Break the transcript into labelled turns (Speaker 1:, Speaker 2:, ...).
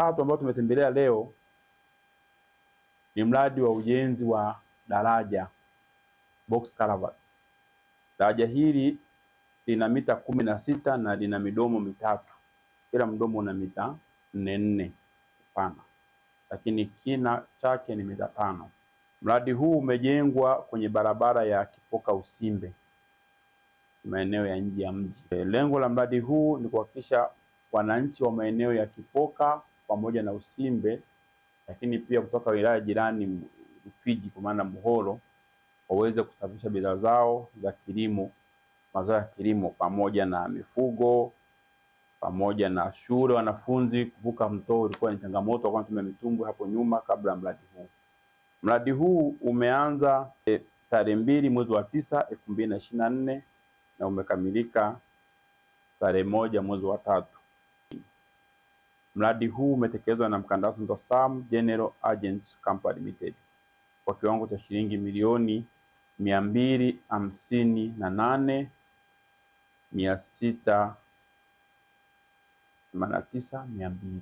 Speaker 1: tatu ambao tumetembelea leo ni mradi wa ujenzi wa daraja box culvert. Daraja hili lina mita kumi na sita na lina midomo mitatu, kila mdomo una mita nne nne pana, lakini kina chake ni mita tano. Mradi huu umejengwa kwenye barabara ya Kipoka Usimbe, maeneo ya nje ya mji. Lengo la mradi huu ni kuhakikisha wananchi wa maeneo ya Kipoka pamoja na Usimbe, lakini pia kutoka wilaya jirani Rufiji kwa maana Muhoro, waweze kusafirisha bidhaa zao za kilimo, mazao ya kilimo pamoja na mifugo pamoja na shule. Wanafunzi kuvuka mto ulikuwa ni changamoto kwa kutumia mitumbwi hapo nyuma kabla ya mradi huu. Mradi huu umeanza e, tarehe mbili mwezi wa tisa elfu mbili na ishirini na nne na umekamilika tarehe moja mwezi wa tatu Mradi huu umetekelezwa na mkandarasi Ndosam General Agents Company Limited kwa kiwango cha shilingi milioni mia mbili hamsini na nane mia sita themanini na tisa mia mbili.